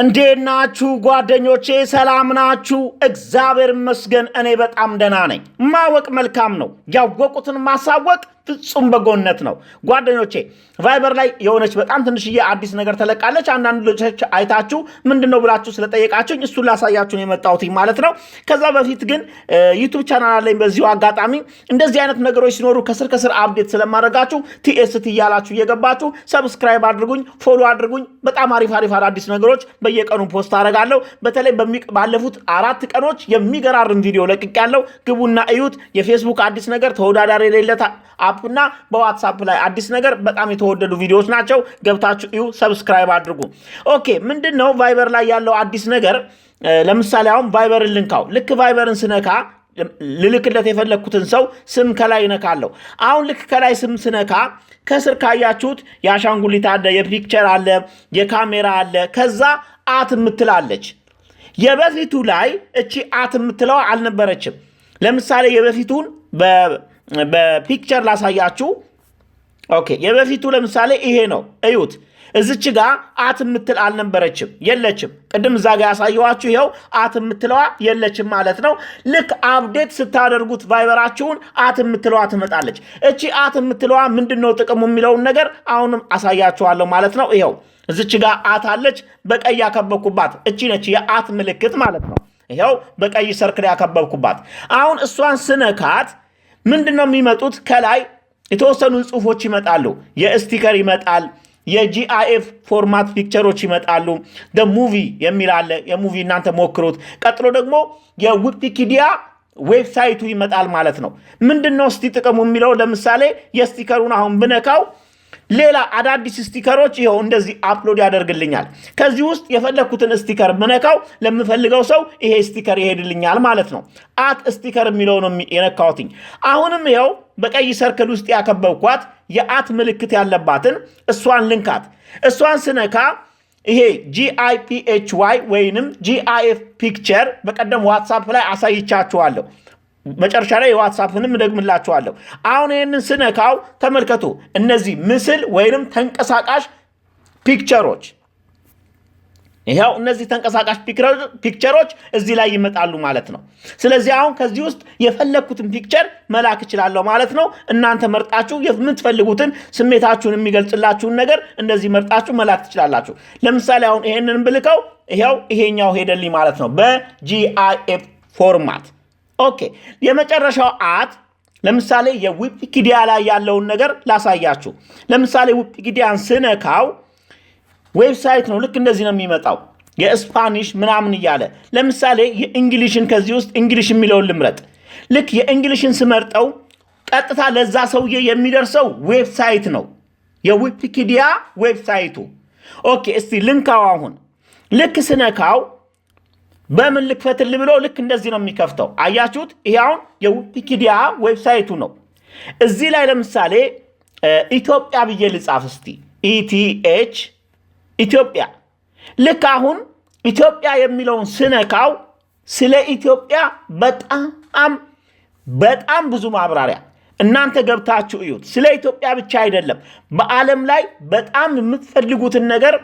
እንዴት ናችሁ ጓደኞቼ? ሰላም ናችሁ? እግዚአብሔር ይመስገን እኔ በጣም ደህና ነኝ። ማወቅ መልካም ነው። ያወቁትን ማሳወቅ ፍጹም በጎነት ነው። ጓደኞቼ ቫይበር ላይ የሆነች በጣም ትንሽዬ አዲስ ነገር ተለቃለች። አንዳንድ ልጆች አይታችሁ ምንድን ነው ብላችሁ ስለጠየቃችሁኝ እሱን ላሳያችሁን የመጣሁት ማለት ነው። ከዛ በፊት ግን ዩቱብ ቻናል አለኝ። በዚሁ አጋጣሚ እንደዚህ አይነት ነገሮች ሲኖሩ ከስር ከስር አፕዴት ስለማድረጋችሁ ቲኤስቲ እያላችሁ እየገባችሁ ሰብስክራይብ አድርጉኝ፣ ፎሎ አድርጉኝ። በጣም አሪፍ አሪፍ አዳዲስ ነገሮች በየቀኑ ፖስት አደርጋለሁ። በተለይ ባለፉት አራት ቀኖች የሚገራርም ቪዲዮ ለቅቄያለሁ። ግቡና እዩት። የፌስቡክ አዲስ ነገር ተወዳዳሪ የሌለት በዋትሳፕ በዋትሳፕ ላይ አዲስ ነገር በጣም የተወደዱ ቪዲዮዎች ናቸው። ገብታችሁ እዩ፣ ሰብስክራይብ አድርጉ። ኦኬ ምንድን ነው ቫይበር ላይ ያለው አዲስ ነገር? ለምሳሌ አሁን ቫይበርን ልንካው። ልክ ቫይበርን ስነካ ልልክለት የፈለግኩትን ሰው ስም ከላይ እነካለሁ። አሁን ልክ ከላይ ስም ስነካ ከስር ካያችሁት የአሻንጉሊት አለ፣ የፒክቸር አለ፣ የካሜራ አለ፣ ከዛ አት የምትላለች። የበፊቱ ላይ እቺ አት የምትለው አልነበረችም። ለምሳሌ የበፊቱን በፒክቸር ላሳያችሁ። ኦኬ የበፊቱ ለምሳሌ ይሄ ነው፣ እዩት። እዚች ጋ አት የምትል አልነበረችም፣ የለችም። ቅድም እዛ ጋ ያሳየኋችሁ ይኸው አት የምትለዋ የለችም ማለት ነው። ልክ አፕዴት ስታደርጉት ቫይበራችሁን አት የምትለዋ ትመጣለች። እቺ አት የምትለዋ ምንድን ነው ጥቅሙ የሚለውን ነገር አሁንም አሳያችኋለሁ ማለት ነው። ይኸው እዚች ጋ አት አለች፣ በቀይ ያከበብኩባት እቺ ነች፣ የአት ምልክት ማለት ነው። ይኸው በቀይ ሰርክል ያከበብኩባት። አሁን እሷን ስነካት ምንድን ነው የሚመጡት? ከላይ የተወሰኑ ጽሁፎች ይመጣሉ። የስቲከር ይመጣል። የጂአይኤፍ ፎርማት ፒክቸሮች ይመጣሉ። ሙቪ የሚል አለ። የሙቪ እናንተ ሞክሩት። ቀጥሎ ደግሞ የዊኪፒዲያ ዌብሳይቱ ይመጣል ማለት ነው። ምንድን ነው እስቲ ጥቅሙ የሚለው ለምሳሌ የስቲከሩን አሁን ብነካው ሌላ አዳዲስ ስቲከሮች ይኸው እንደዚህ አፕሎድ ያደርግልኛል። ከዚህ ውስጥ የፈለግኩትን ስቲከር ምነካው ለምፈልገው ሰው ይሄ ስቲከር ይሄድልኛል ማለት ነው። አት ስቲከር የሚለው ነው የነካውትኝ። አሁንም ይኸው በቀይ ሰርክል ውስጥ ያከበብኳት የአት ምልክት ያለባትን እሷን ልንካት። እሷን ስነካ ይሄ ጂአይፒኤችዋይ ወይንም ጂአይኤፍ ፒክቸር በቀደም ዋትሳፕ ላይ አሳይቻችኋለሁ። መጨረሻ ላይ የዋትሳፕንም እደግምላችኋለሁ። አሁን ይህንን ስነካው ተመልከቱ። እነዚህ ምስል ወይንም ተንቀሳቃሽ ፒክቸሮች ይኸው እነዚህ ተንቀሳቃሽ ፒክቸሮች እዚህ ላይ ይመጣሉ ማለት ነው። ስለዚህ አሁን ከዚህ ውስጥ የፈለግኩትን ፒክቸር መላክ እችላለሁ ማለት ነው። እናንተ መርጣችሁ የምትፈልጉትን ስሜታችሁን የሚገልጽላችሁን ነገር እንደዚህ መርጣችሁ መላክ ትችላላችሁ። ለምሳሌ አሁን ይሄንን ብልከው ይኸው ይሄኛው ሄደልኝ ማለት ነው በጂአይኤፍ ፎርማት ኦኬ የመጨረሻው አት ለምሳሌ የዊኪዲያ ላይ ያለውን ነገር ላሳያችሁ። ለምሳሌ ዊኪዲያን ስነካው ዌብሳይት ነው። ልክ እንደዚህ ነው የሚመጣው የስፓኒሽ ምናምን እያለ ለምሳሌ የእንግሊሽን ከዚህ ውስጥ እንግሊሽ የሚለውን ልምረጥ። ልክ የእንግሊሽን ስመርጠው ቀጥታ ለዛ ሰውዬ የሚደርሰው ዌብሳይት ነው የዊኪዲያ ዌብሳይቱ። ኦኬ እስቲ ልንካው አሁን ልክ ስነካው በምን ልክፈትል ብሎ ልክ እንደዚህ ነው የሚከፍተው። አያችሁት? ይሄ አሁን የዊኪዲያ ዌብሳይቱ ነው። እዚህ ላይ ለምሳሌ ኢትዮጵያ ብዬ ልጻፍ እስቲ ኢቲኤች ኢትዮጵያ። ልክ አሁን ኢትዮጵያ የሚለውን ስነካው ስለ ኢትዮጵያ በጣም በጣም ብዙ ማብራሪያ እናንተ ገብታችሁ እዩት። ስለ ኢትዮጵያ ብቻ አይደለም፣ በዓለም ላይ በጣም የምትፈልጉትን ነገር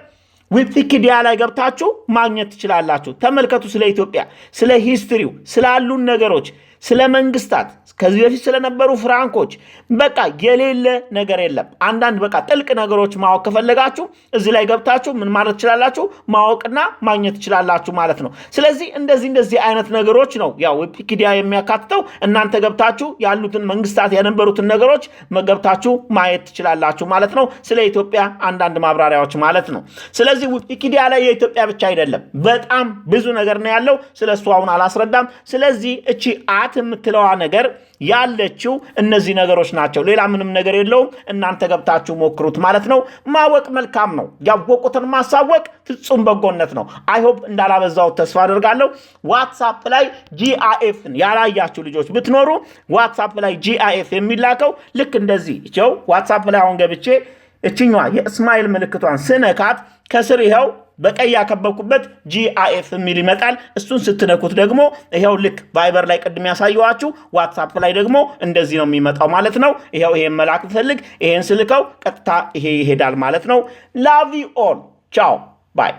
ዊኪፒዲያ ላይ ገብታችሁ ማግኘት ትችላላችሁ። ተመልከቱ፣ ስለ ኢትዮጵያ፣ ስለ ሂስትሪው ስላሉን ነገሮች ስለ መንግስታት፣ ከዚህ በፊት ስለነበሩ ፍራንኮች፣ በቃ የሌለ ነገር የለም። አንዳንድ በቃ ጥልቅ ነገሮች ማወቅ ከፈለጋችሁ እዚህ ላይ ገብታችሁ ምን ማለት ትችላላችሁ፣ ማወቅና ማግኘት ትችላላችሁ ማለት ነው። ስለዚህ እንደዚህ እንደዚህ አይነት ነገሮች ነው ያው ዊኪፒዲያ የሚያካትተው። እናንተ ገብታችሁ ያሉትን መንግስታት የነበሩትን ነገሮች ገብታችሁ ማየት ትችላላችሁ ማለት ነው። ስለ ኢትዮጵያ አንዳንድ ማብራሪያዎች ማለት ነው። ስለዚህ ዊኪፒዲያ ላይ የኢትዮጵያ ብቻ አይደለም፣ በጣም ብዙ ነገር ነው ያለው። ስለ እሱ አሁን አላስረዳም። ስለዚህ እቺ አ ጣት የምትለዋ ነገር ያለችው እነዚህ ነገሮች ናቸው። ሌላ ምንም ነገር የለውም። እናንተ ገብታችሁ ሞክሩት ማለት ነው። ማወቅ መልካም ነው። ያወቁትን ማሳወቅ ፍጹም በጎነት ነው። አይሆብ እንዳላበዛው ተስፋ አደርጋለሁ። ዋትሳፕ ላይ ጂአኤፍን ያላያችሁ ልጆች ብትኖሩ ዋትሳፕ ላይ ጂአኤፍ የሚላከው ልክ እንደዚህ ቸው ዋትሳፕ ላይ አሁን ገብቼ እችኛዋ የእስማኤል ምልክቷን ስነካት ከስር ይኸው በቀይ ያከበብኩበት ጂአኤፍ የሚል ይመጣል። እሱን ስትነኩት ደግሞ ይኸው ልክ ቫይበር ላይ ቅድም ያሳየዋችሁ ዋትሳፕ ላይ ደግሞ እንደዚህ ነው የሚመጣው ማለት ነው። ይኸው ይሄን መላክ ብፈልግ ይሄን ስልከው ቀጥታ ይሄ ይሄዳል ማለት ነው። ላቪ ኦል ቻው ባይ